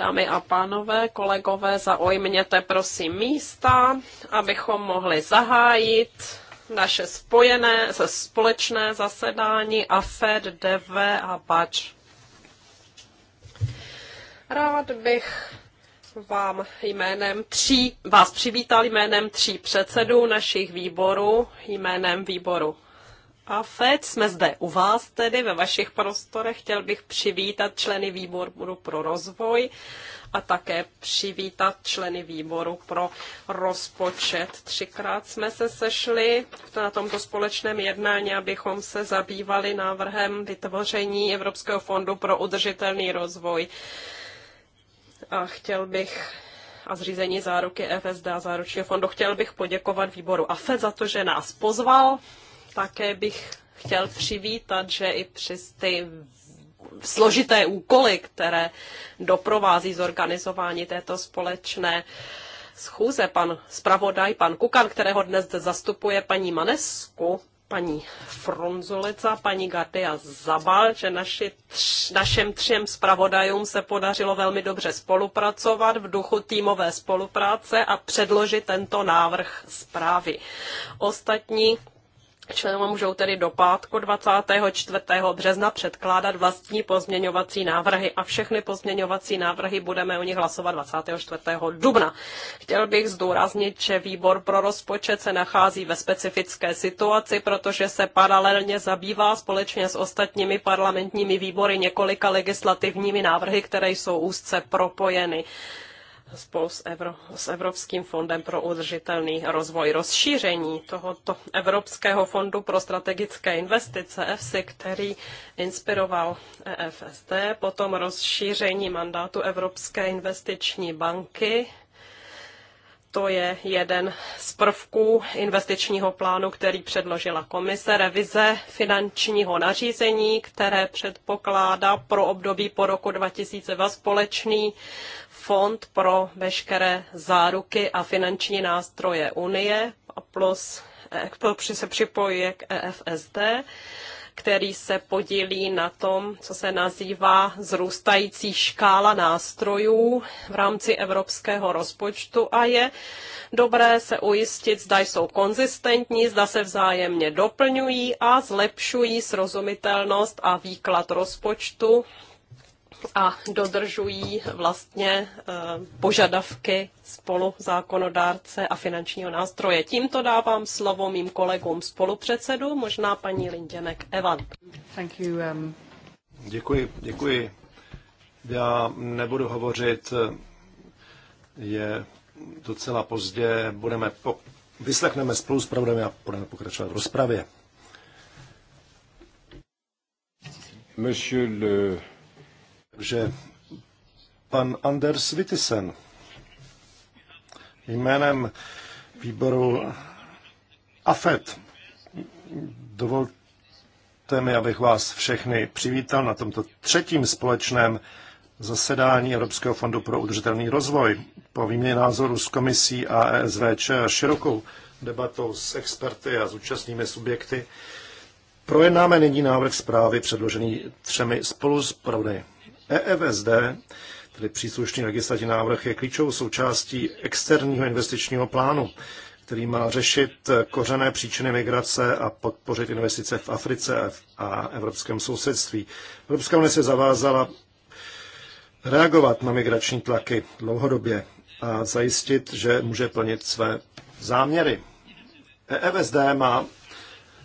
Dámy a pánové, kolegové, zaujměte prosím místa, abychom mohli zahájit naše spojené, společné zasedání AFED, DV a BAČ. Rád bych vám jménem tří, vás přivítal jménem tří předsedů našich výborů, jménem výboru a FED. Jsme zde u vás tedy ve vašich prostorech. Chtěl bych přivítat členy výboru pro rozvoj a také přivítat členy výboru pro rozpočet. Třikrát jsme se sešli na tomto společném jednání, abychom se zabývali návrhem vytvoření Evropského fondu pro udržitelný rozvoj. A chtěl bych a zřízení záruky FSD a záručního fondu. Chtěl bych poděkovat výboru AFED za to, že nás pozval také bych chtěl přivítat, že i přes ty složité úkoly, které doprovází zorganizování této společné schůze, pan zpravodaj, pan Kukan, kterého dnes zastupuje paní Manesku, paní Fronzulica, paní Gardia Zabal, že naši tř, našem třem zpravodajům se podařilo velmi dobře spolupracovat v duchu týmové spolupráce a předložit tento návrh zprávy. Ostatní Členové můžou tedy do pátku 24. března předkládat vlastní pozměňovací návrhy a všechny pozměňovací návrhy budeme o nich hlasovat 24. dubna. Chtěl bych zdůraznit, že výbor pro rozpočet se nachází ve specifické situaci, protože se paralelně zabývá společně s ostatními parlamentními výbory několika legislativními návrhy, které jsou úzce propojeny spolu s, Evro, s Evropským fondem pro udržitelný rozvoj. Rozšíření tohoto Evropského fondu pro strategické investice EFSI, který inspiroval EFSD, potom rozšíření mandátu Evropské investiční banky, to je jeden z prvků investičního plánu, který předložila komise, revize finančního nařízení, které předpokládá pro období po roku 2002 společný fond pro veškeré záruky a finanční nástroje Unie a plus eh, se připojuje k EFSD, který se podílí na tom, co se nazývá zrůstající škála nástrojů v rámci evropského rozpočtu a je dobré se ujistit, zda jsou konzistentní, zda se vzájemně doplňují a zlepšují srozumitelnost a výklad rozpočtu a dodržují vlastně eh, požadavky spolu zákonodárce a finančního nástroje. Tímto dávám slovo mým kolegům spolupředsedu, možná paní Linděnek Evan. Thank you, um... Děkuji, děkuji. Já nebudu hovořit, eh, je docela pozdě, budeme po... vyslechneme spolu s pravdem a budeme pokračovat v rozpravě. Monsieur le že pan Anders Wittisen jménem výboru AFET dovolte mi, abych vás všechny přivítal na tomto třetím společném zasedání Evropského fondu pro udržitelný rozvoj. Po výměně názoru s komisí a ESVČ a širokou debatou s experty a zúčastními subjekty projednáme nyní návrh zprávy předložený třemi spolu s EFSD, e tedy příslušný legislativní návrh, je klíčovou součástí externího investičního plánu, který má řešit kořené příčiny migrace a podpořit investice v Africe a evropském sousedství. Evropská unie se zavázala reagovat na migrační tlaky dlouhodobě a zajistit, že může plnit své záměry. EFSD e má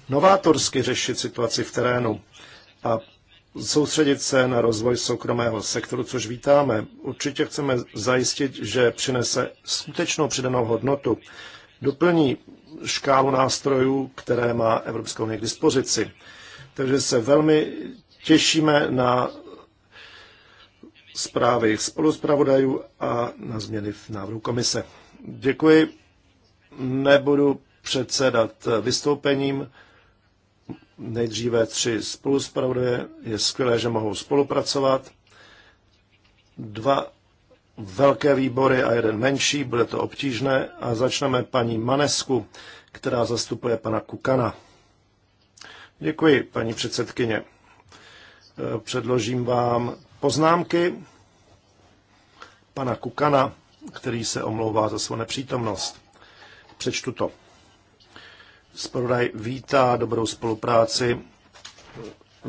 novátorsky řešit situaci v terénu a soustředit se na rozvoj soukromého sektoru, což vítáme. Určitě chceme zajistit, že přinese skutečnou přidanou hodnotu. Doplní škálu nástrojů, které má Evropská unie k dispozici. Takže se velmi těšíme na zprávy spoluzpravodajů a na změny v návrhu komise. Děkuji. Nebudu předsedat vystoupením nejdříve tři spolu, spoluspravodaje. Je skvělé, že mohou spolupracovat. Dva velké výbory a jeden menší, bude to obtížné. A začneme paní Manesku, která zastupuje pana Kukana. Děkuji, paní předsedkyně. Předložím vám poznámky pana Kukana, který se omlouvá za svou nepřítomnost. Přečtu to. Spravodaj vítá dobrou spolupráci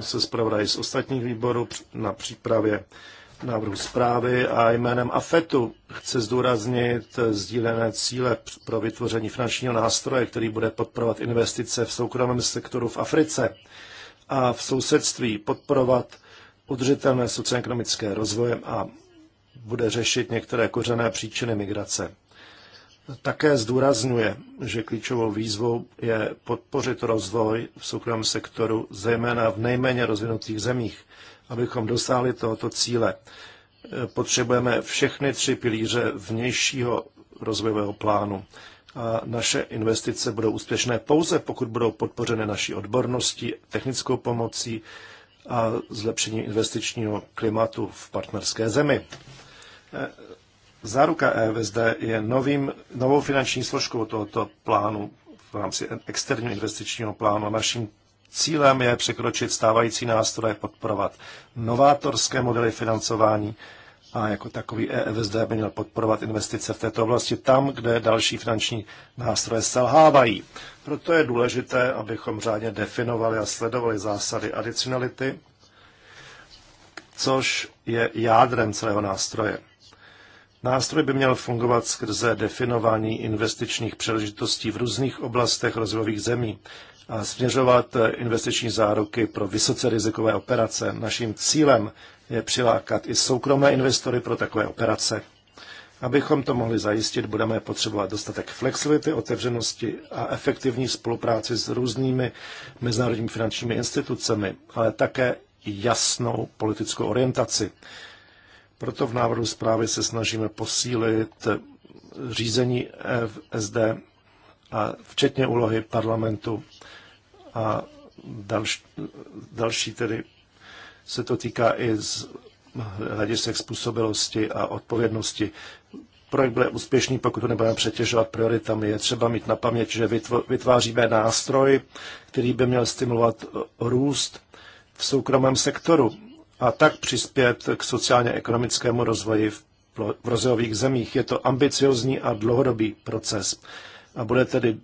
se zpravodaji z ostatních výborů na přípravě návrhu zprávy a jménem AFETu chce zdůraznit sdílené cíle pro vytvoření finančního nástroje, který bude podporovat investice v soukromém sektoru v Africe a v sousedství podporovat udržitelné socioekonomické rozvoje a bude řešit některé kořené příčiny migrace také zdůrazňuje, že klíčovou výzvou je podpořit rozvoj v soukromém sektoru, zejména v nejméně rozvinutých zemích. Abychom dosáhli tohoto cíle, potřebujeme všechny tři pilíře vnějšího rozvojového plánu. A naše investice budou úspěšné pouze, pokud budou podpořeny naší odborností, technickou pomocí a zlepšením investičního klimatu v partnerské zemi. Záruka EVSD je novým, novou finanční složkou tohoto plánu v rámci externího investičního plánu. Naším cílem je překročit stávající nástroje, podporovat novátorské modely financování a jako takový EVSD by měl podporovat investice v této oblasti tam, kde další finanční nástroje selhávají. Proto je důležité, abychom řádně definovali a sledovali zásady adicionality, což je jádrem celého nástroje. Nástroj by měl fungovat skrze definování investičních příležitostí v různých oblastech rozvojových zemí a směřovat investiční záruky pro vysoce rizikové operace. Naším cílem je přilákat i soukromé investory pro takové operace. Abychom to mohli zajistit, budeme potřebovat dostatek flexibility, otevřenosti a efektivní spolupráci s různými mezinárodními finančními institucemi, ale také jasnou politickou orientaci. Proto v návrhu zprávy se snažíme posílit řízení FSD, a včetně úlohy parlamentu a další, další tedy se to týká i z hledisek způsobilosti a odpovědnosti. Projekt bude úspěšný, pokud to nebudeme přetěžovat prioritami. Je třeba mít na paměti, že vytváříme nástroj, který by měl stimulovat růst v soukromém sektoru a tak přispět k sociálně-ekonomickému rozvoji v rozvojových zemích. Je to ambiciozní a dlouhodobý proces a bude tedy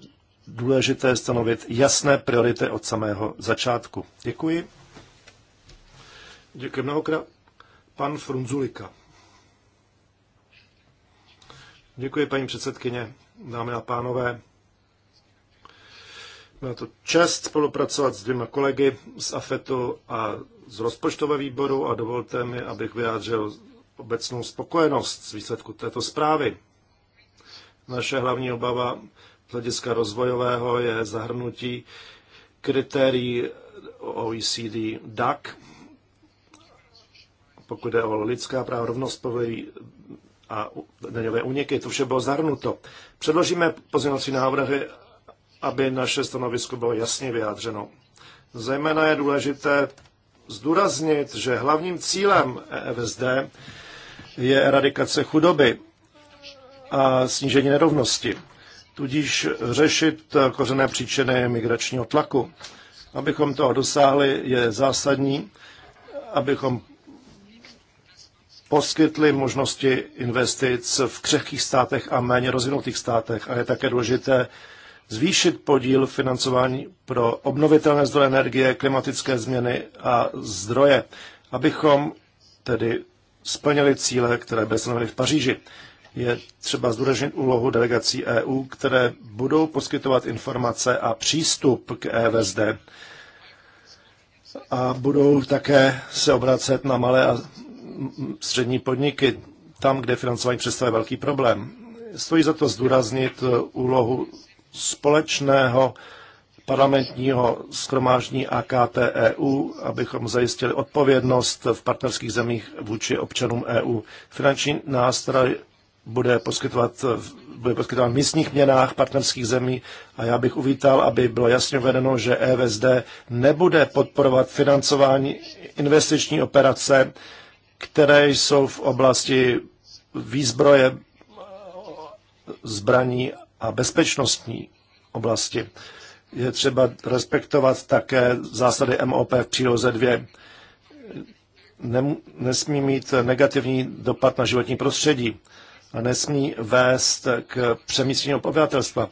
důležité stanovit jasné priority od samého začátku. Děkuji. Děkuji mnohokrát. Pan Frunzulika. Děkuji, paní předsedkyně, dámy a pánové. Byla to čest spolupracovat s dvěma kolegy z AFETu a z rozpočtového výboru a dovolte mi, abych vyjádřil obecnou spokojenost z výsledku této zprávy. Naše hlavní obava z hlediska rozvojového je zahrnutí kritérií OECD DAC, pokud jde o lidská práva, rovnost povolí a daňové úniky, to vše bylo zahrnuto. Předložíme pozměňovací návrhy aby naše stanovisko bylo jasně vyjádřeno. Zejména je důležité zdůraznit, že hlavním cílem EFSD je eradikace chudoby a snížení nerovnosti, tudíž řešit kořené příčiny migračního tlaku. Abychom toho dosáhli, je zásadní, abychom poskytli možnosti investic v křehkých státech a méně rozvinutých státech. A je také důležité zvýšit podíl financování pro obnovitelné zdroje energie, klimatické změny a zdroje, abychom tedy splnili cíle, které byly stanoveny v Paříži. Je třeba zdůraznit úlohu delegací EU, které budou poskytovat informace a přístup k EVSD a budou také se obracet na malé a střední podniky, tam, kde financování představuje velký problém. Stojí za to zdůraznit úlohu společného parlamentního schromáždění AKT EU, abychom zajistili odpovědnost v partnerských zemích vůči občanům EU. Finanční nástroj bude poskytovat bude poskytován v místních měnách partnerských zemí a já bych uvítal, aby bylo jasně uvedeno, že EVSD nebude podporovat financování investiční operace, které jsou v oblasti výzbroje zbraní a bezpečnostní oblasti. Je třeba respektovat také zásady MOP v příloze 2. nesmí mít negativní dopad na životní prostředí a nesmí vést k přemístění obyvatelstva,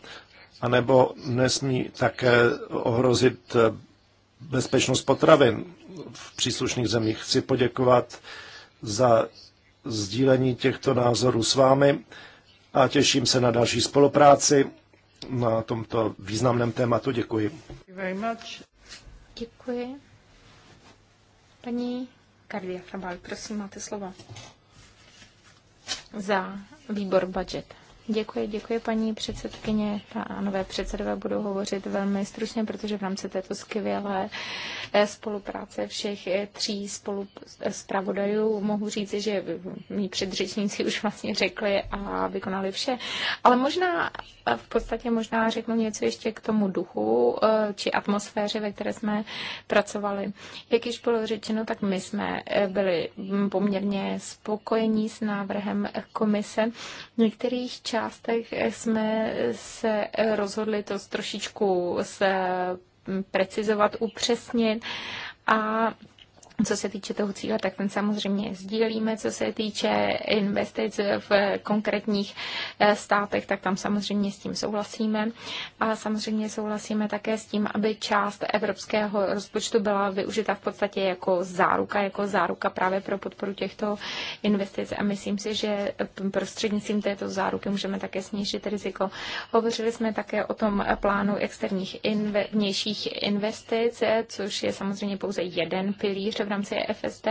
anebo nesmí také ohrozit bezpečnost potravin v příslušných zemích. Chci poděkovat za sdílení těchto názorů s vámi a těším se na další spolupráci na tomto významném tématu. Děkuji. Děkuji. Paní Karlia Fabal, prosím, máte slovo. Za výbor budget. Děkuji, děkuji paní předsedkyně. Pánové předsedové budou hovořit velmi stručně, protože v rámci této skvělé eh, spolupráce všech eh, tří spolu zpravodajů mohu říci, že mý předřečníci už vlastně řekli a vykonali vše. Ale možná eh, v podstatě možná řeknu něco ještě k tomu duchu či atmosféře, ve které jsme pracovali. Jak již bylo řečeno, tak my jsme byli poměrně spokojení s návrhem komise. V některých částech částech jsme se rozhodli to trošičku se precizovat, upřesnit a co se týče toho cíle, tak ten samozřejmě sdílíme. Co se týče investic v konkrétních eh, státech, tak tam samozřejmě s tím souhlasíme. A samozřejmě souhlasíme také s tím, aby část evropského rozpočtu byla využita v podstatě jako záruka, jako záruka právě pro podporu těchto investic. A myslím si, že prostřednictvím této záruky můžeme také snížit riziko. Hovořili jsme také o tom plánu externích inve, vnějších investic, eh, což je samozřejmě pouze jeden pilíř v rámci EFSD.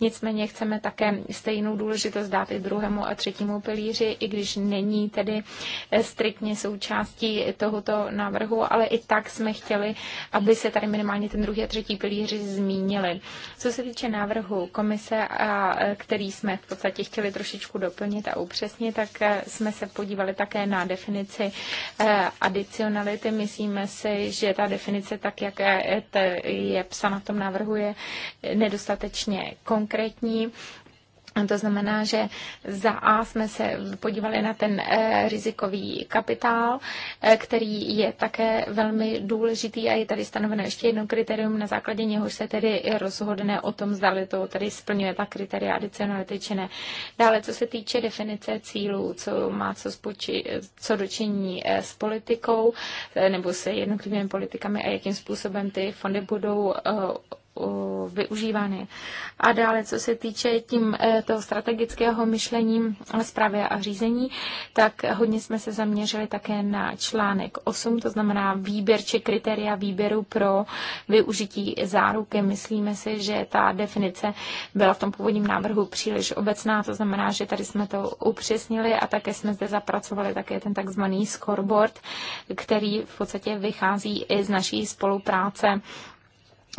Nicméně chceme také stejnou důležitost dát i druhému a třetímu pilíři, i když není tedy eh, striktně součástí tohoto návrhu, ale i tak jsme chtěli, aby se tady minimálně ten druhý a třetí pilíři zmínili. Co se týče návrhu komise, a eh, který jsme v podstatě chtěli trošičku doplnit a upřesnit, tak eh, jsme se podívali také na definici adicionality. Myslíme si, že ta definice, tak jak je psána v tom návrhu, je nedostatečně konkrétní. To znamená, že za A jsme se podívali na ten eh, rizikový kapitál, eh, který je také velmi důležitý a je tady stanoveno ještě jedno kritérium, na základě něhož se tedy rozhodne o tom, zda to tady splňuje ta kritéria adicionality či ne. Dále, co se týče definice cílů, co má co, spoči, co dočení eh, s politikou nebo se jednotlivými politikami a jakým způsobem ty fondy budou Eh, využívány. A dále, co se týče tím eh, toho strategického myšlení eh, zprávy a řízení, tak hodně jsme se zaměřili také na článek 8, to znamená výběr či kritéria výběru pro využití záruky. Myslíme si, že ta definice byla v tom původním návrhu příliš obecná, to znamená, že tady jsme to upřesnili a také jsme zde zapracovali také ten takzvaný scoreboard, který v podstatě vychází i z naší spolupráce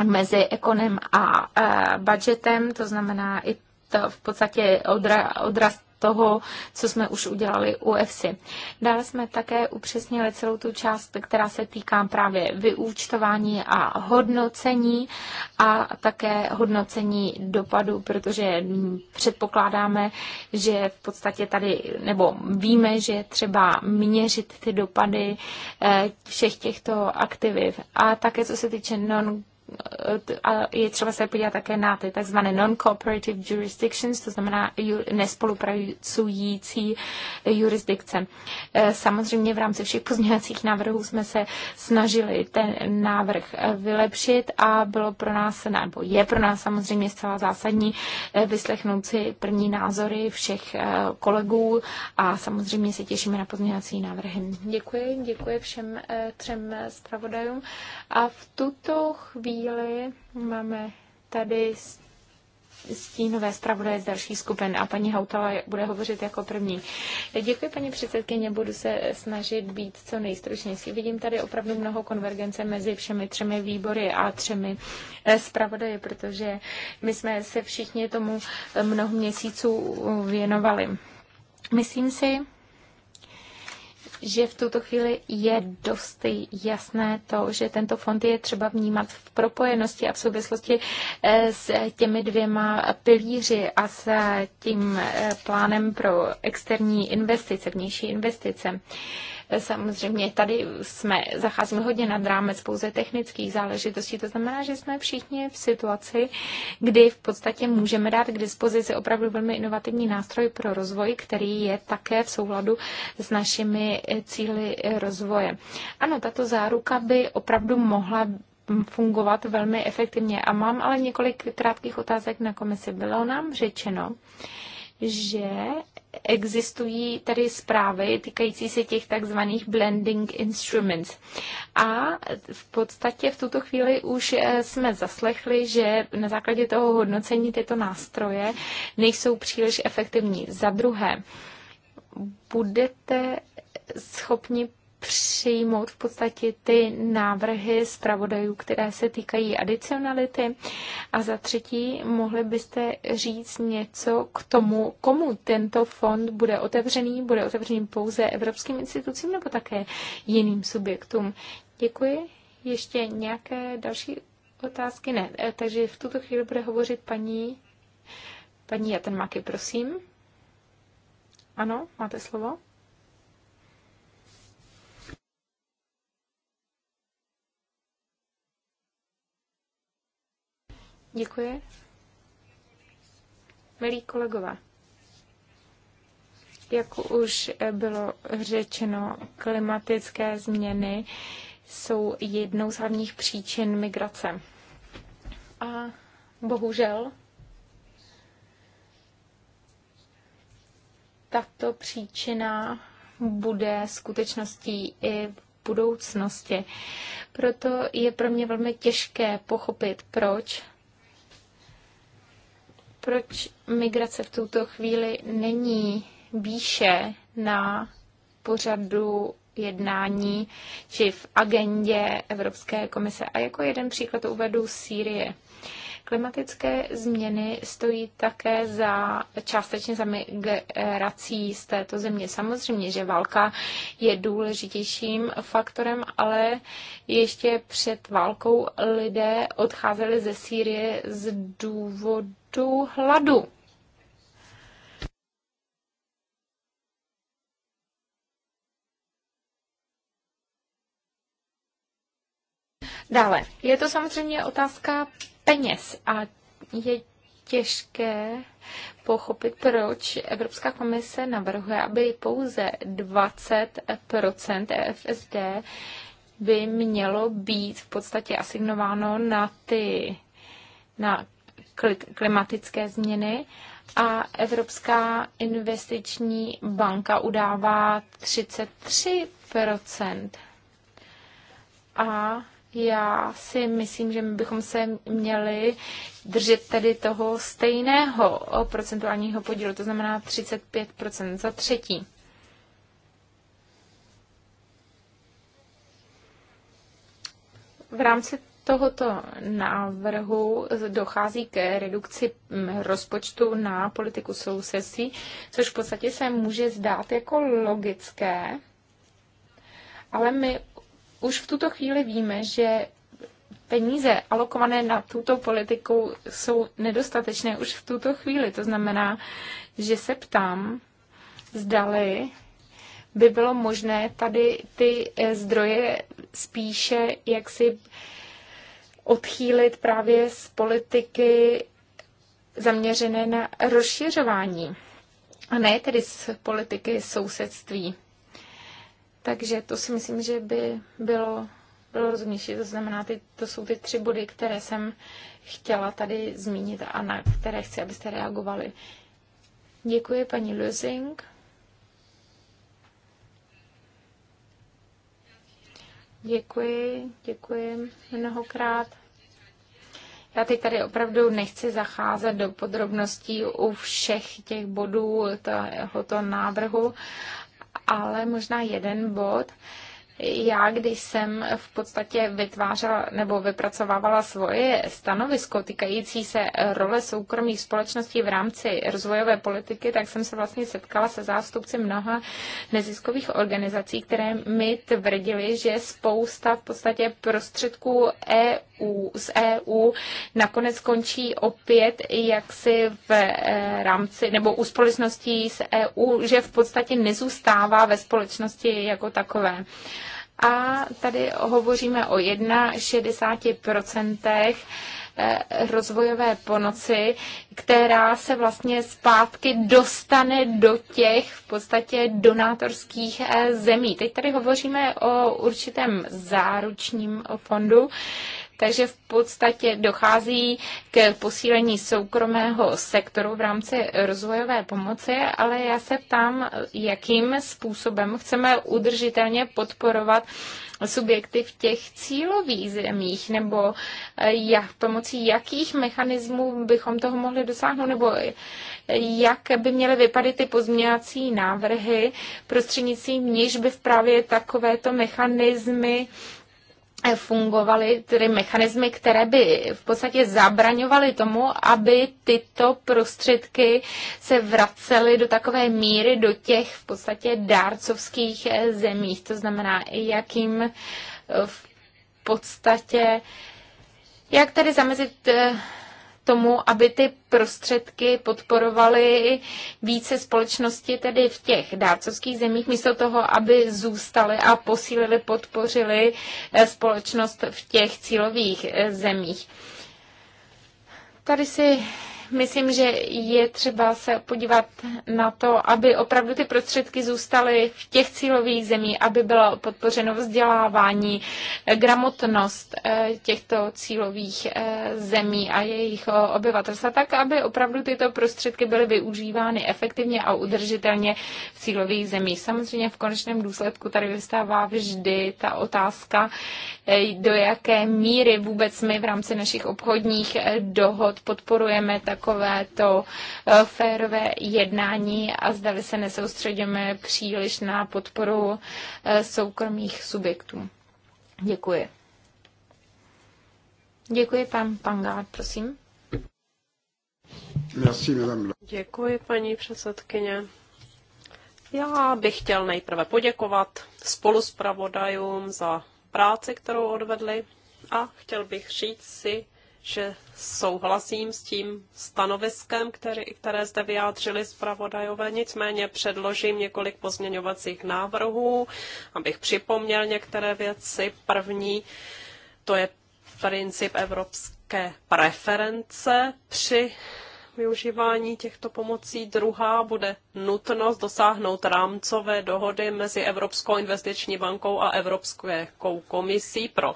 mezi ekonem a e, budgetem, to znamená i to v podstatě odra, odraz toho, co jsme už udělali u EFSI. Dále jsme také upřesnili celou tu část, která se týká právě vyúčtování a hodnocení a také hodnocení dopadu, protože předpokládáme, že v podstatě tady, nebo víme, že je třeba měřit ty dopady e, všech těchto aktiv. A také co se týče non a je třeba se podívat také na ty tzv. non-cooperative jurisdictions, to znamená nespolupracující jurisdikce. Eh, samozřejmě v rámci všech pozměňovacích návrhů jsme se snažili ten návrh eh, vylepšit a bylo pro nás, nebo je pro nás samozřejmě zcela zásadní eh, vyslechnout si první názory všech kolegů a samozřejmě se těšíme na pozměňovací návrhy. Děkuji, děkuji všem třem zpravodajům a v tuto chvíli Děkuji. Máme tady stínové zpravodaje z další skupin a paní Hautala bude hovořit jako první. Děkuji, paní předsedkyně, budu se snažit být co nejstručnější. Vidím tady opravdu mnoho konvergence mezi všemi třemi výbory a třemi eh, zpravodaje, protože my jsme se všichni tomu mnoho měsíců věnovali. Myslím si, že v tuto chvíli je dost jasné to, že tento fond je třeba vnímat v propojenosti a v souvislosti eh, s těmi dvěma pilíři a s tím eh, plánem pro externí investice, vnější investice. Samozřejmě tady jsme, zacházíme hodně nad rámec pouze technických záležitostí. To znamená, že jsme všichni v situaci, kdy v podstatě můžeme dát k dispozici opravdu velmi inovativní nástroj pro rozvoj, který je také v souladu s našimi eh, cíly eh, rozvoje. Ano, tato záruka by opravdu mohla fungovat velmi efektivně. A mám ale několik krátkých otázek na komisi. Bylo nám řečeno, že existují tady zprávy týkající se těch takzvaných blending instruments. A v podstatě v tuto chvíli už eh, jsme zaslechli, že na základě toho hodnocení tyto nástroje nejsou příliš efektivní. Za druhé, budete schopni přijmout v podstatě ty návrhy zpravodajů, které se týkají adicionality. A za třetí, mohli byste říct něco k tomu, komu tento fond bude otevřený? Bude otevřený pouze evropským institucím nebo také jiným subjektům? Děkuji. Ještě nějaké další otázky? Ne. Eh, takže v tuto chvíli bude hovořit paní, paní Jatenmaky, prosím. Ano, máte slovo. Děkuji. Milí kolegové, jak už bylo řečeno, klimatické změny jsou jednou z hlavních příčin migrace. A bohužel tato příčina bude skutečností i v budoucnosti. Proto je pro mě velmi těžké pochopit, proč proč migrace v tuto chvíli není výše na pořadu jednání či v agendě Evropské komise. A jako jeden příklad uvedu Sýrie. Klimatické změny stojí také za částečně za migrací z této země. Samozřejmě, že válka je důležitějším faktorem, ale ještě před válkou lidé odcházeli ze Sýrie z důvodu hladu. Dále, je to samozřejmě otázka peněz a je těžké pochopit, proč Evropská komise navrhuje, aby pouze 20 EFSD by mělo být v podstatě asignováno na ty na klimatické změny a Evropská investiční banka udává 33 a já si myslím, že my bychom se měli držet tedy toho stejného procentuálního podílu, to znamená 35% za třetí. V rámci tohoto návrhu dochází k redukci mm, rozpočtu na politiku sousedství, což v podstatě se může zdát jako logické, ale my už v tuto chvíli víme, že peníze alokované na tuto politiku jsou nedostatečné už v tuto chvíli. To znamená, že se ptám, zdali by bylo možné tady ty eh, zdroje spíše jaksi odchýlit právě z politiky zaměřené na rozšiřování a ne tedy z politiky sousedství. Takže to si myslím, že by bylo, bylo rozumnější. To znamená, ty, to jsou ty tři body, které jsem chtěla tady zmínit a na které chci, abyste reagovali. Děkuji, paní Lusing. Děkuji, děkuji mnohokrát. Já teď tady opravdu nechci zacházet do podrobností u všech těch bodů tohoto návrhu, ale možná jeden bod. Já, když jsem v podstatě vytvářela nebo vypracovávala svoje stanovisko týkající se role soukromých společností v rámci rozvojové politiky, tak jsem se vlastně setkala se zástupci mnoha neziskových organizací, které mi tvrdili, že spousta v podstatě prostředků EU z EU nakonec skončí opět jaksi v eh, rámci nebo u společností z EU, že v podstatě nezůstává ve společnosti jako takové. A tady hovoříme o 61% eh, rozvojové pomoci, která se vlastně zpátky dostane do těch v podstatě donátorských eh, zemí. Teď tady hovoříme o určitém záručním fondu, takže v podstatě dochází k posílení soukromého sektoru v rámci rozvojové pomoci, ale já se ptám, jakým způsobem chceme udržitelně podporovat subjekty v těch cílových zemích, nebo eh, jak, pomocí jakých mechanismů bychom toho mohli dosáhnout, nebo eh, jak by měly vypadat ty pozměňovací návrhy, prostřednictvím níž by v právě takovéto mechanismy fungovaly tedy mechanismy, které by v podstatě zabraňovaly tomu, aby tyto prostředky se vracely do takové míry do těch v podstatě dárcovských eh, zemích. To znamená, jakým eh, v podstatě, jak tady zamezit eh, tomu, aby ty prostředky podporovaly více společnosti tedy v těch dárcovských zemích, místo toho, aby zůstaly a posílili, podpořili eh, společnost v těch cílových eh, zemích. Tady si myslím, že je třeba se podívat na to, aby opravdu ty prostředky zůstaly v těch cílových zemích, aby bylo podpořeno vzdělávání, gramotnost eh, těchto cílových eh, zemí a jejich obyvatelstva, tak aby opravdu tyto prostředky byly využívány efektivně a udržitelně v cílových zemích. Samozřejmě v konečném důsledku tady vystává vždy ta otázka, do jaké míry vůbec my v rámci našich obchodních eh, dohod podporujeme takovéto eh, férové jednání a zdali se nesoustředíme příliš na podporu eh, soukromých subjektů. Děkuji. Děkuji, pan Pangát, prosím. Děkuji, paní předsedkyně. Já bych chtěl nejprve poděkovat spoluspravodajům za práci, kterou odvedli a chtěl bych říct si, že souhlasím s tím stanoviskem, který, které zde vyjádřili zpravodajové, nicméně předložím několik pozměňovacích návrhů, abych připomněl některé věci. První, to je princip evropské preference při využívání těchto pomocí. Druhá bude nutnost dosáhnout rámcové dohody mezi Evropskou investiční bankou a Evropskou komisí pro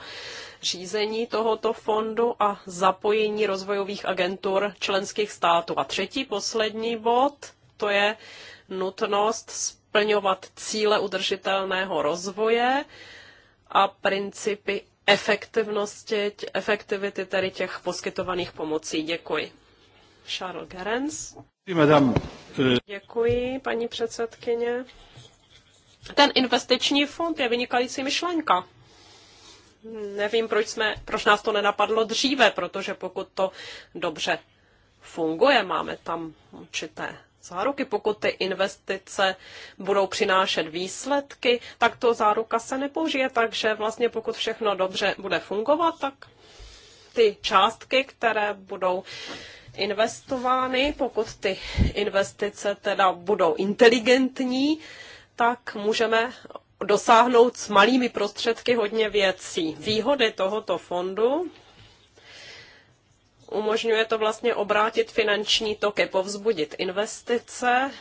řízení tohoto fondu a zapojení rozvojových agentur členských států. A třetí, poslední bod, to je nutnost splňovat cíle udržitelného rozvoje a principy efektivnosti, efektivity tedy těch poskytovaných pomocí. Děkuji. Charles Gerens. Děkuji, paní předsedkyně. Ten investiční fond je vynikající myšlenka. Nevím, proč, jsme, proč nás to nenapadlo dříve, protože pokud to dobře funguje, máme tam určité záruky, pokud ty investice budou přinášet výsledky, tak to záruka se nepoužije, takže vlastně pokud všechno dobře bude fungovat, tak ty částky, které budou investovány, pokud ty investice teda budou inteligentní, tak můžeme dosáhnout s malými prostředky hodně věcí. Výhody tohoto fondu umožňuje to vlastně obrátit finanční toky, povzbudit investice,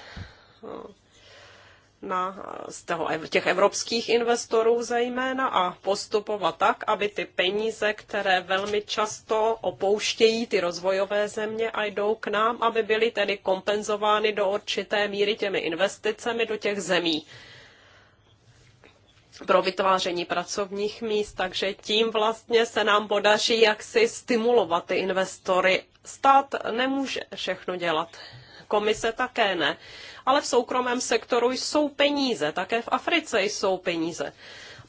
na, z toho, těch evropských investorů zejména a postupovat tak, aby ty peníze, které velmi často opouštějí ty rozvojové země a jdou k nám, aby byly tedy kompenzovány do určité míry těmi investicemi do těch zemí pro vytváření pracovních míst, takže tím vlastně se nám podaří jaksi stimulovat ty investory. Stát nemůže všechno dělat komise také ne. Ale v soukromém sektoru jsou peníze, také v Africe jsou peníze.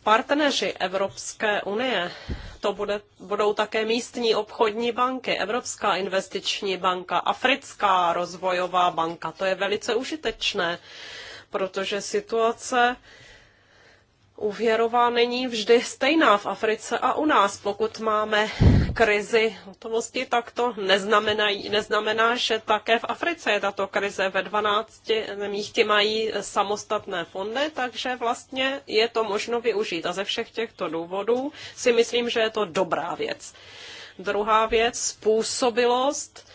Partneři Evropské unie, to bude, budou také místní obchodní banky, Evropská investiční banka, Africká rozvojová banka. To je velice užitečné, protože situace úvěrová není vždy stejná v Africe a u nás. Pokud máme krizi hotovosti, tak to neznamená, neznamená, že také v Africe je tato krize. Ve 12 zemích ti mají samostatné fondy, takže vlastně je to možno využít. A ze všech těchto důvodů si myslím, že je to dobrá věc. Druhá věc, způsobilost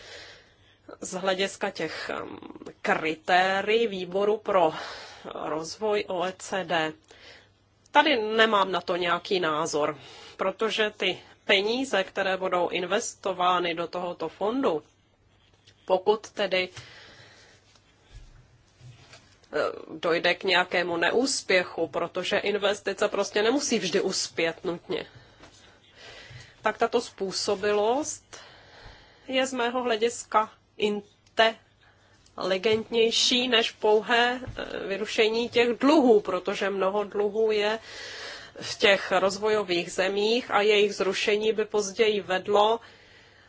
z hlediska těch um, kritérií výboru pro rozvoj OECD. Tady nemám na to nějaký názor, protože ty peníze, které budou investovány do tohoto fondu, pokud tedy eh, dojde k nějakému neúspěchu, protože investice prostě nemusí vždy uspět nutně. Tak tato způsobilost je z mého hlediska inte legentnější než pouhé eh, vyrušení těch dluhů, protože mnoho dluhů je v těch rozvojových zemích a jejich zrušení by později vedlo,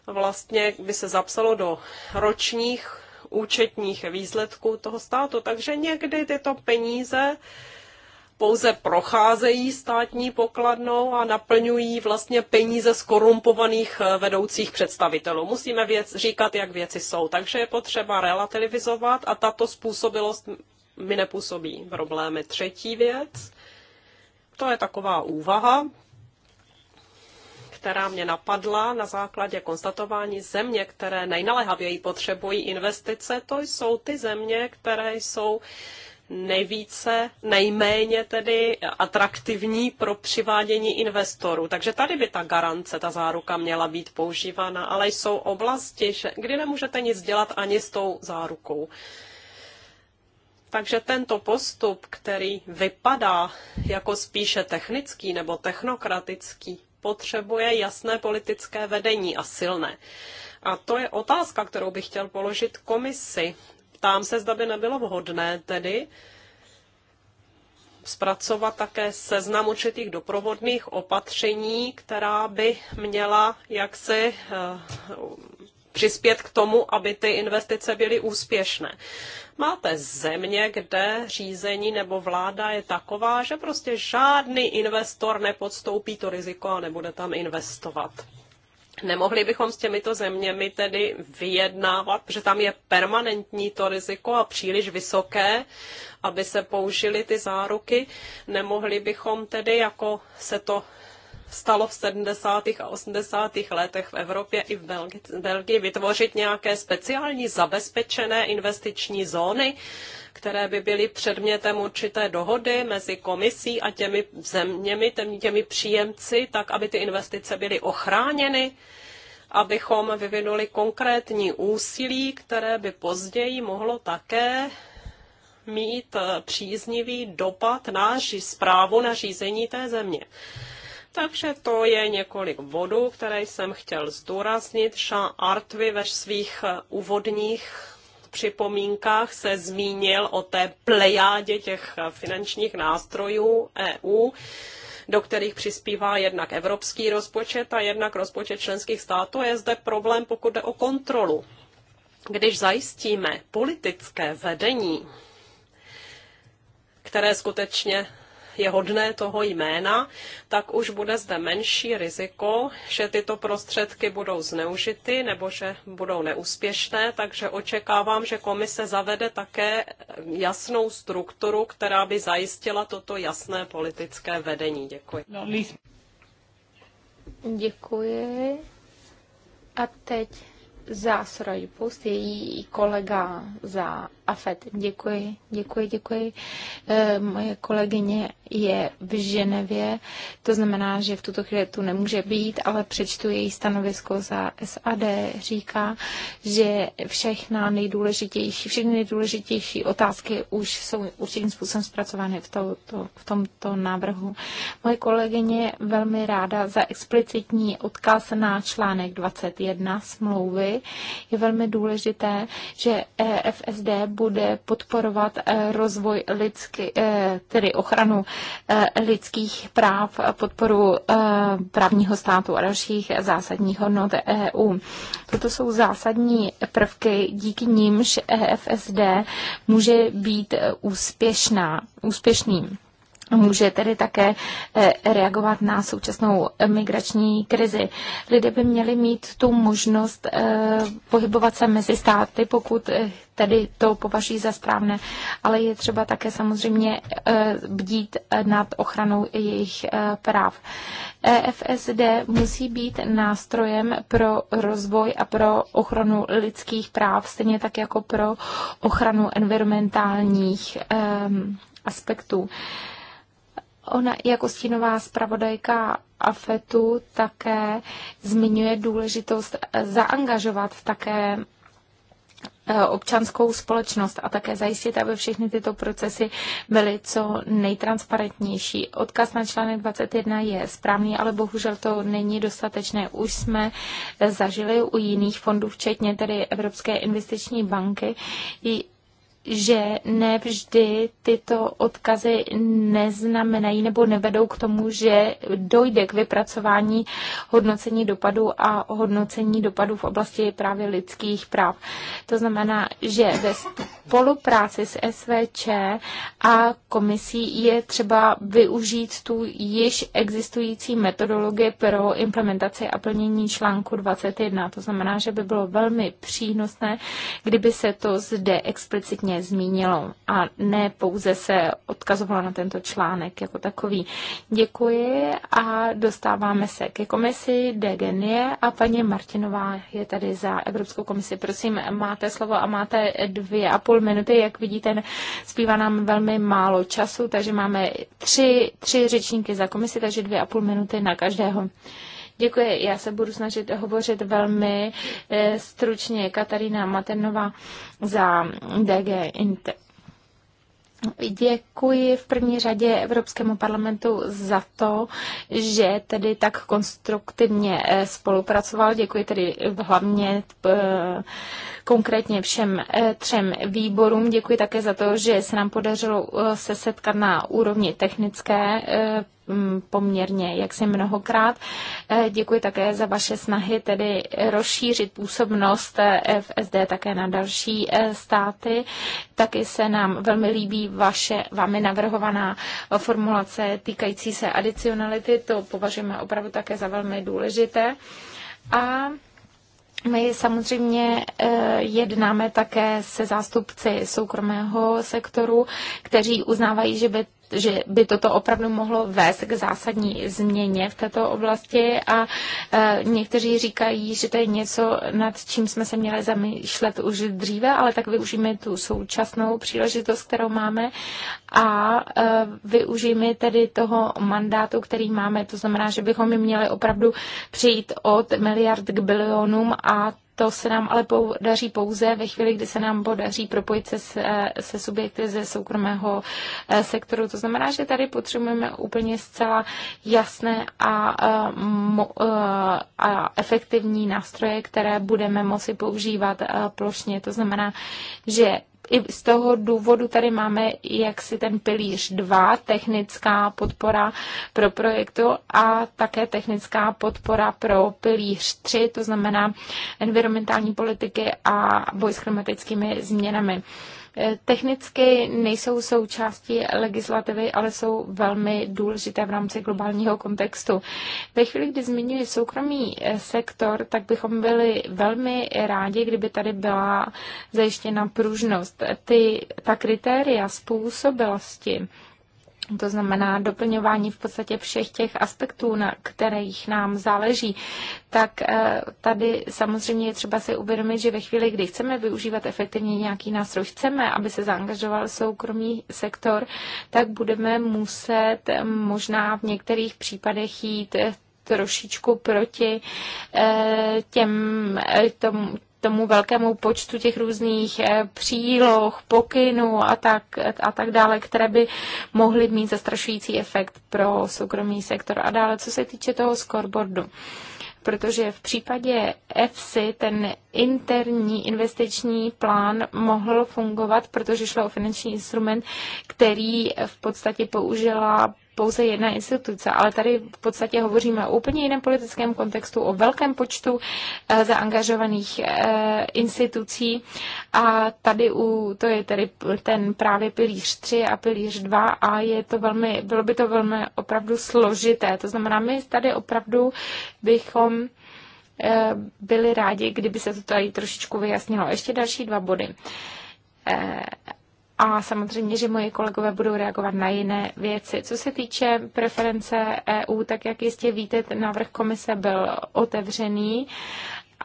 vlastně by se zapsalo do ročních účetních výsledků toho státu. Takže někdy tyto peníze pouze procházejí státní pokladnou a naplňují vlastně peníze skorumpovaných eh, vedoucích představitelů. Musíme věc, říkat, jak věci jsou, takže je potřeba relativizovat a tato způsobilost mi nepůsobí problémy. Třetí věc, to je taková úvaha, která mě napadla na základě konstatování země, které nejnalehavěji potřebují investice, to jsou ty země, které jsou nejvíce, nejméně tedy atraktivní pro přivádění investorů. Takže tady by ta garance, ta záruka měla být používána, ale jsou oblasti, že kdy nemůžete nic dělat ani s tou zárukou. Takže tento postup, který vypadá jako spíše technický nebo technokratický, potřebuje jasné politické vedení a silné. A to je otázka, kterou bych chtěl položit komisi ptám se, zda by nebylo vhodné tedy zpracovat také seznam určitých doprovodných opatření, která by měla jaksi eh, přispět k tomu, aby ty investice byly úspěšné. Máte země, kde řízení nebo vláda je taková, že prostě žádný investor nepodstoupí to riziko a nebude tam investovat. Nemohli bychom s těmito zeměmi tedy vyjednávat, protože tam je permanentní to riziko a příliš vysoké, aby se použily ty záruky. Nemohli bychom tedy, jako se to stalo v 70. a 80. letech v Evropě i v Belgii, Belgii vytvořit nějaké speciální zabezpečené investiční zóny, které by byly předmětem určité dohody mezi komisí a těmi zeměmi, těmi příjemci, tak aby ty investice byly ochráněny abychom vyvinuli konkrétní úsilí, které by později mohlo také mít příznivý dopad na zprávu na řízení té země. Takže to je několik bodů, které jsem chtěl zdůraznit. Jean Artvy ve svých eh, úvodních připomínkách se zmínil o té plejádě těch eh, finančních nástrojů EU do kterých přispívá jednak evropský rozpočet a jednak rozpočet členských států. Je zde problém, pokud jde o kontrolu. Když zajistíme politické vedení, které skutečně je hodné toho jména, tak už bude zde menší riziko, že tyto prostředky budou zneužity nebo že budou neúspěšné, takže očekávám, že komise zavede také jasnou strukturu, která by zajistila toto jasné politické vedení. Děkuji. No, Děkuji. A teď za Srojpust, její kolega za AFET. Děkuji, děkuji, děkuji. Eh, moje kolegyně je v Ženevě, to znamená, že v tuto chvíli tu nemůže být, ale přečtu její stanovisko za SAD. Říká, že všechna nejdůležitější, všechny nejdůležitější otázky už jsou určitým způsobem zpracovány v, to, to, v tomto návrhu. Moje kolegyně velmi ráda za explicitní odkaz na článek 21 smlouvy. Je velmi důležité, že EFSD bude podporovat eh, rozvoj lidsky, eh, tedy ochranu eh, lidských práv, podporu právního státu a dalších zásadních hodnot EU. Toto jsou zásadní prvky, díky nímž EFSD může být úspěšná, úspěšným může tedy také eh, reagovat na současnou migrační krizi. Lidé by měli mít tu možnost eh, pohybovat se mezi státy, pokud eh, tedy to považují za správné, ale je třeba také samozřejmě bdít nad ochranou jejich práv. EFSD musí být nástrojem pro rozvoj a pro ochranu lidských práv, stejně tak jako pro ochranu environmentálních ehm, aspektů. Ona jako stínová zpravodajka AFETu také zmiňuje důležitost eh, zaangažovat také eh, občanskou společnost a také zajistit, aby všechny tyto procesy byly co nejtransparentnější. Odkaz na článek 21 je správný, ale bohužel to není dostatečné. Už jsme eh, zažili u jiných fondů, včetně tedy Evropské investiční banky, že nevždy tyto odkazy neznamenají nebo nevedou k tomu, že dojde k vypracování hodnocení dopadu a hodnocení dopadu v oblasti právě lidských práv. To znamená, že ve spolupráci s SVČ a komisí je třeba využít tu již existující metodologie pro implementaci a plnění článku 21. To znamená, že by bylo velmi přínosné, kdyby se to zde explicitně konkrétně zmínilo a ne pouze se odkazovala na tento článek jako takový. Děkuji a dostáváme se ke komisi DGNIE a paní Martinová je tady za Evropskou komisi. Prosím, máte slovo a máte dvě a půl minuty. Jak vidíte, zpívá nám velmi málo času, takže máme tři, tři řečníky za komisi, takže dvě a půl minuty na každého. Děkuji. Já se budu snažit hovořit velmi eh, stručně. Katarína Maternová za DG Inter. Děkuji v první řadě Evropskému parlamentu za to, že tedy tak konstruktivně eh, spolupracoval. Děkuji tedy hlavně eh, konkrétně všem třem výborům. Děkuji také za to, že se nám podařilo se setkat na úrovni technické Mm, poměrně jak si mnohokrát. Eh, děkuji také za vaše snahy tedy rozšířit působnost eh, FSD také na další eh, státy. Taky se nám velmi líbí vaše vámi navrhovaná formulace týkající se adicionality. To považujeme opravdu také za velmi důležité. A my samozřejmě jednáme také se zástupci soukromého sektoru, kteří uznávají, že by že by toto opravdu mohlo vést k zásadní změně v této oblasti a e, někteří říkají, že to je něco, nad čím jsme se měli zamýšlet už dříve, ale tak využijeme tu současnou příležitost, kterou máme a e, využijeme tedy toho mandátu, který máme. To znamená, že bychom měli opravdu přijít od miliard k bilionům a to se nám ale podaří pouze ve chvíli, kdy se nám podaří propojit se, eh, se subjekty ze soukromého eh, sektoru. To znamená, že tady potřebujeme úplně zcela jasné a, a, eh, a efektivní nástroje, které budeme moci používat plošně. To znamená, že i z toho důvodu tady máme jaksi ten pilíř 2, technická podpora pro projektu a také technická podpora pro pilíř 3, to znamená environmentální politiky a boj s klimatickými změnami. Eh, technicky nejsou součástí legislativy, ale jsou velmi důležité v rámci globálního kontextu. Ve chvíli, kdy zmiňuji soukromý eh, sektor, tak bychom byli velmi rádi, kdyby tady byla zajištěna pružnost. Ty, ta kritéria způsobilosti, to znamená doplňování v podstatě všech těch aspektů, na kterých nám záleží. Tak eh, tady samozřejmě je třeba si uvědomit, že ve chvíli, kdy chceme využívat efektivně nějaký nástroj, chceme, aby se zaangažoval soukromý sektor, tak budeme muset možná v některých případech jít trošičku proti eh, těm, eh, tom, tomu velkému počtu těch různých eh, příloh, pokynů a tak, a tak dále, které by mohly mít zastrašující efekt pro soukromý sektor. A dále, co se týče toho scoreboardu protože v případě EFSI ten interní investiční plán mohl fungovat, protože šlo o finanční instrument, který v podstatě použila pouze jedna instituce, ale tady v podstatě hovoříme o úplně jiném politickém kontextu, o velkém počtu eh, zaangažovaných eh, institucí a tady u, to je tedy ten právě pilíř 3 a pilíř 2 a je to velmi, bylo by to velmi opravdu složité. To znamená, my tady opravdu bychom eh, byli rádi, kdyby se to tady trošičku vyjasnilo. Ještě další dva body a samozřejmě, že moji kolegové budou reagovat na jiné věci. Co se týče preference EU, tak jak jistě víte, návrh komise byl otevřený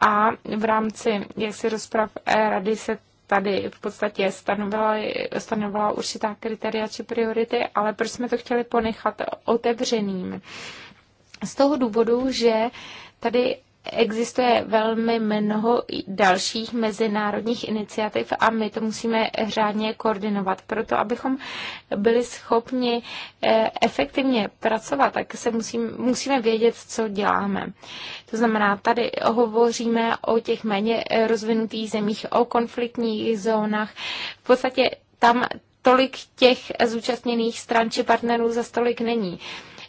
a v rámci jaksi rozprav e rady se tady v podstatě stanovila, stanovila určitá kritéria či priority, ale proč jsme to chtěli ponechat otevřeným? Z toho důvodu, že tady existuje velmi mnoho dalších mezinárodních iniciativ a my to musíme řádně koordinovat. Proto, abychom byli schopni eh, efektivně pracovat, tak se musím, musíme vědět, co děláme. To znamená, tady hovoříme o těch méně eh, rozvinutých zemích, o konfliktních zónách. V podstatě tam tolik těch zúčastněných stran či partnerů za stolik není.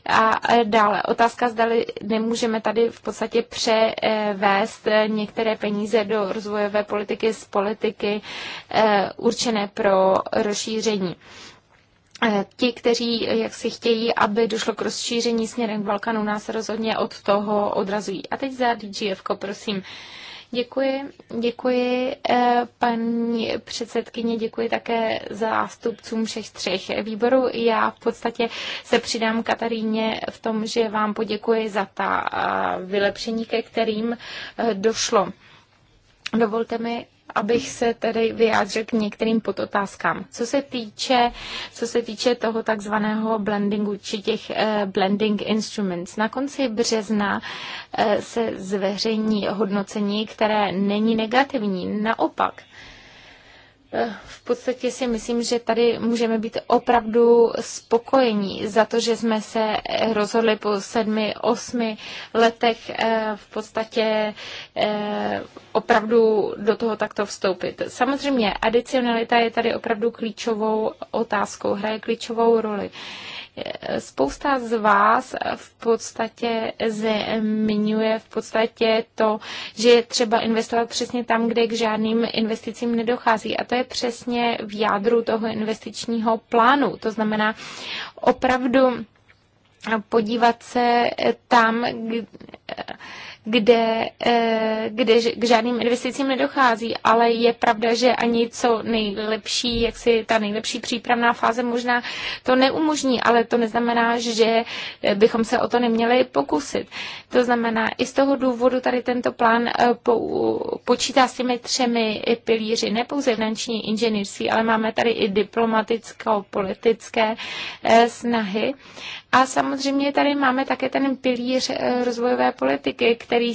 A e, dále otázka, zda nemůžeme tady v podstatě převést e, některé peníze do rozvojové politiky z politiky e, určené pro rozšíření ti, kteří jak si chtějí, aby došlo k rozšíření směrem k Balkanu, nás rozhodně od toho odrazují. A teď za DGF, prosím. Děkuji, děkuji eh, paní předsedkyně, děkuji také zástupcům všech třech výborů. Já v podstatě se přidám Kataríně v tom, že vám poděkuji za ta eh, vylepšení, ke kterým eh, došlo. Dovolte mi abych se tedy vyjádřil k některým podotázkám. Co se týče, co se týče toho takzvaného blendingu či těch eh, blending instruments, na konci března eh, se zveřejní hodnocení, které není negativní, naopak. Eh, v podstatě si myslím, že tady můžeme být opravdu spokojení za to, že jsme se rozhodli po sedmi, osmi letech eh, v podstatě eh, opravdu do toho takto vstoupit. Samozřejmě adicionalita je tady opravdu klíčovou otázkou, hraje klíčovou roli. Spousta z vás v podstatě zmiňuje v podstatě to, že je třeba investovat přesně tam, kde k žádným investicím nedochází. A to je přesně v jádru toho investičního plánu. To znamená opravdu podívat se tam, kde, eh, kde k žádným investicím nedochází, ale je pravda, že ani co nejlepší, jak si ta nejlepší přípravná fáze možná to neumožní, ale to neznamená, že eh, bychom se o to neměli pokusit. To znamená, i z toho důvodu tady tento plán eh, počítá s těmi třemi pilíři, ne pouze finanční inženýrství, ale máme tady i diplomaticko-politické snahy a samozřejmě tady máme také ten pilíř eh, rozvojové politiky, který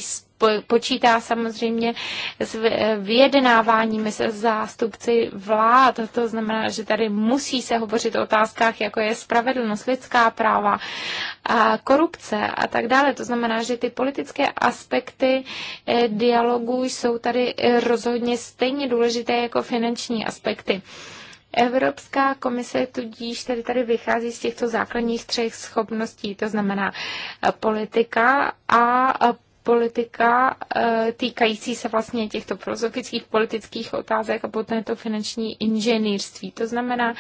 počítá samozřejmě s eh, vyjednáváními se zástupci vlád. To znamená, že tady musí se hovořit o otázkách, jako je spravedlnost, lidská práva, a korupce a tak dále. To znamená, že ty politické aspekty eh, dialogu jsou tady rozhodně stejně důležité jako finanční aspekty. Evropská komise tudíž tady, tady vychází z těchto základních třech schopností, to znamená e, politika a e, politika e, týkající se vlastně těchto filozofických politických otázek a potom to finanční inženýrství. To znamená,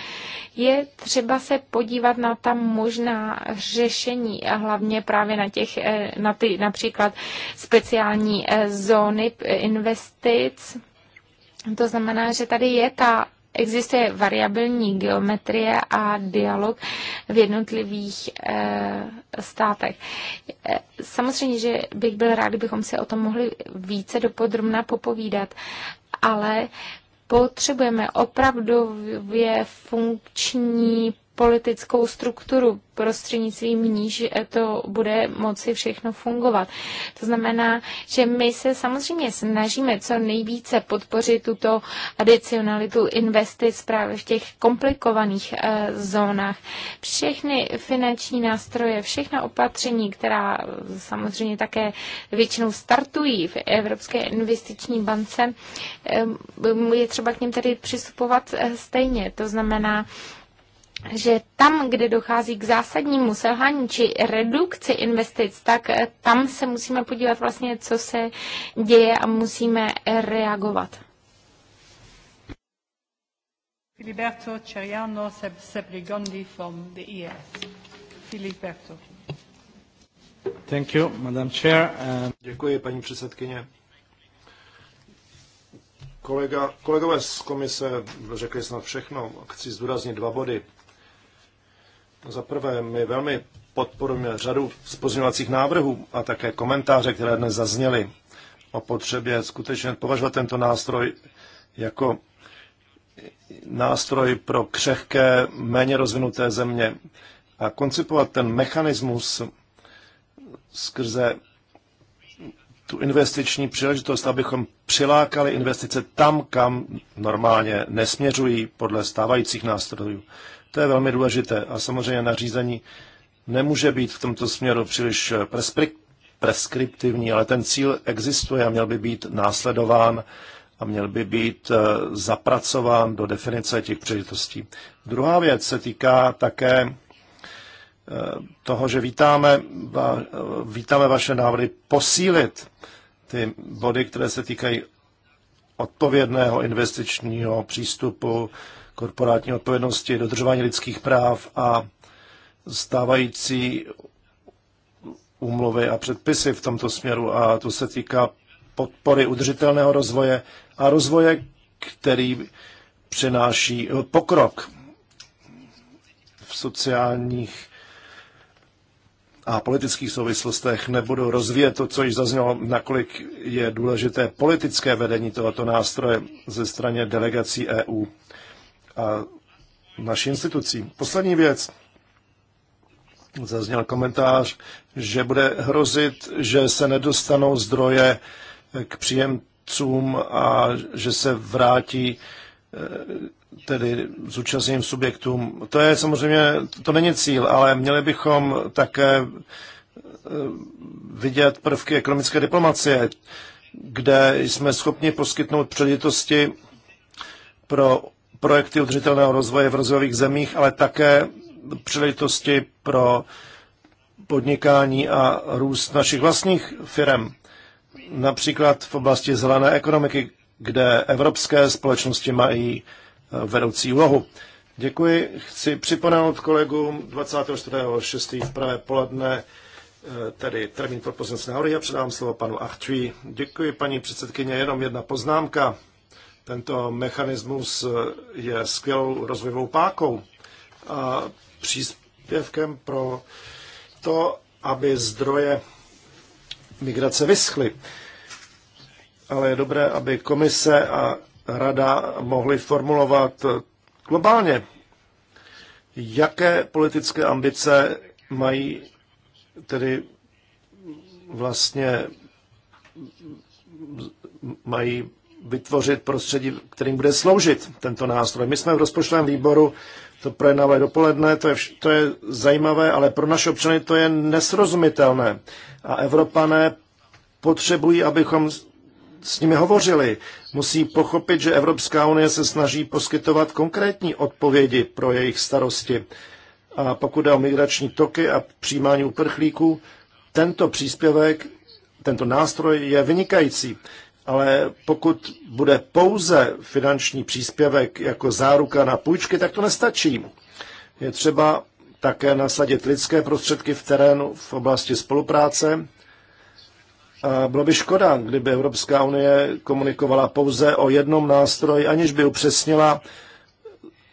je třeba se podívat na ta možná řešení a hlavně právě na těch, na ty například speciální zóny investic. To znamená, že tady je ta existuje variabilní geometrie a dialog v jednotlivých eh, státech. Eh, samozřejmě, že bych byl rád, kdybychom si o tom mohli více dopodrobna popovídat, ale potřebujeme opravdově funkční politickou strukturu, prostřednictvím níž to bude moci všechno fungovat. To znamená, že my se samozřejmě snažíme co nejvíce podpořit tuto adicionalitu investic právě v těch komplikovaných eh, zónách. Všechny finanční nástroje, všechna opatření, která samozřejmě také většinou startují v Evropské investiční bance, eh, je třeba k ním tedy přistupovat eh, stejně. To znamená, že tam, kde dochází k zásadnímu selhání či redukci investic, tak eh, tam se musíme podívat vlastně, co se děje a musíme reagovat. Filiberto Ceriano Sebrigondi from the ES. Filiberto. Thank you, Madam Chair. Děkuji, paní předsedkyně. Kolega, kolegové z komise řekli snad všechno. Chci zdůraznit dva body. Za prvé, my velmi podporujeme řadu z pozměňovacích návrhů a také komentáře, které dnes zazněly o potřebě skutečně považovat tento nástroj jako nástroj pro křehké, méně rozvinuté země a koncipovat ten mechanismus skrze tu investiční příležitost, abychom přilákali investice tam, kam normálně nesměřují podle stávajících nástrojů. To je velmi důležité. A samozřejmě nařízení nemůže být v tomto směru příliš preskriptivní, ale ten cíl existuje a měl by být následován a měl by být eh, zapracován do definice těch příležitostí. Druhá věc se týká také eh, toho, že vítáme, vítáme vaše návrhy posílit ty body, které se týkají odpovědného investičního přístupu, korporátní odpovědnosti, dodržování lidských práv a stávající úmluvy a předpisy v tomto směru a to se týká podpory udržitelného rozvoje a rozvoje, který přináší eh, pokrok v sociálních a politických souvislostech. Nebudu rozvíjet to, co již zaznělo, nakolik je důležité politické vedení tohoto nástroje ze straně delegací EU a naší institucí. Poslední věc. Zazněl komentář, že bude hrozit, že se nedostanou zdroje k příjemcům a že se vrátí e, tedy zúčastněným subjektům. To je samozřejmě, to není cíl, ale měli bychom také e, vidět prvky ekonomické diplomacie, kde jsme schopni poskytnout předitosti pro projekty udržitelného rozvoje v rozvojových zemích, ale také příležitosti pro podnikání a růst našich vlastních firm. Například v oblasti zelené ekonomiky, kde evropské společnosti mají eh, vedoucí úlohu. Děkuji. Chci připomenout kolegům 24.6. v pravé poledne, eh, tedy termín pro poslanec návrhy a předám slovo panu Achtví. Děkuji, paní předsedkyně. Jenom jedna poznámka. Tento mechanismus je skvělou rozvojovou pákou a příspěvkem pro to, aby zdroje migrace vyschly. Ale je dobré, aby komise a rada mohly formulovat globálně, jaké politické ambice mají tedy vlastně mají vytvořit prostředí, kterým bude sloužit tento nástroj. My jsme v rozpočtovém výboru to projednávali dopoledne, to je, to je zajímavé, ale pro naše občany to je nesrozumitelné. A Evropané potřebují, abychom s nimi hovořili. Musí pochopit, že Evropská unie se snaží poskytovat konkrétní odpovědi pro jejich starosti. A pokud jde o migrační toky a přijímání uprchlíků, tento příspěvek, tento nástroj je vynikající ale pokud bude pouze finanční příspěvek jako záruka na půjčky, tak to nestačí. Je třeba také nasadit lidské prostředky v terénu v oblasti spolupráce. A bylo by škoda, kdyby Evropská unie komunikovala pouze o jednom nástroji, aniž by upřesnila,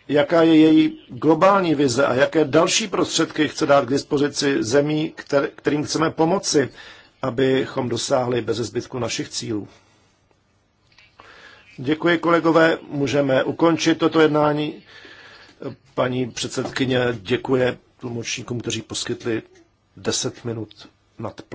jaká je její globální vize a jaké další prostředky chce dát k dispozici zemí, kterým chceme pomoci, abychom dosáhli bez zbytku našich cílů. Děkuji, kolegové. Můžeme ukončit toto jednání. Paní předsedkyně děkuje tlumočníkům, kteří poskytli 10 minut nad plán.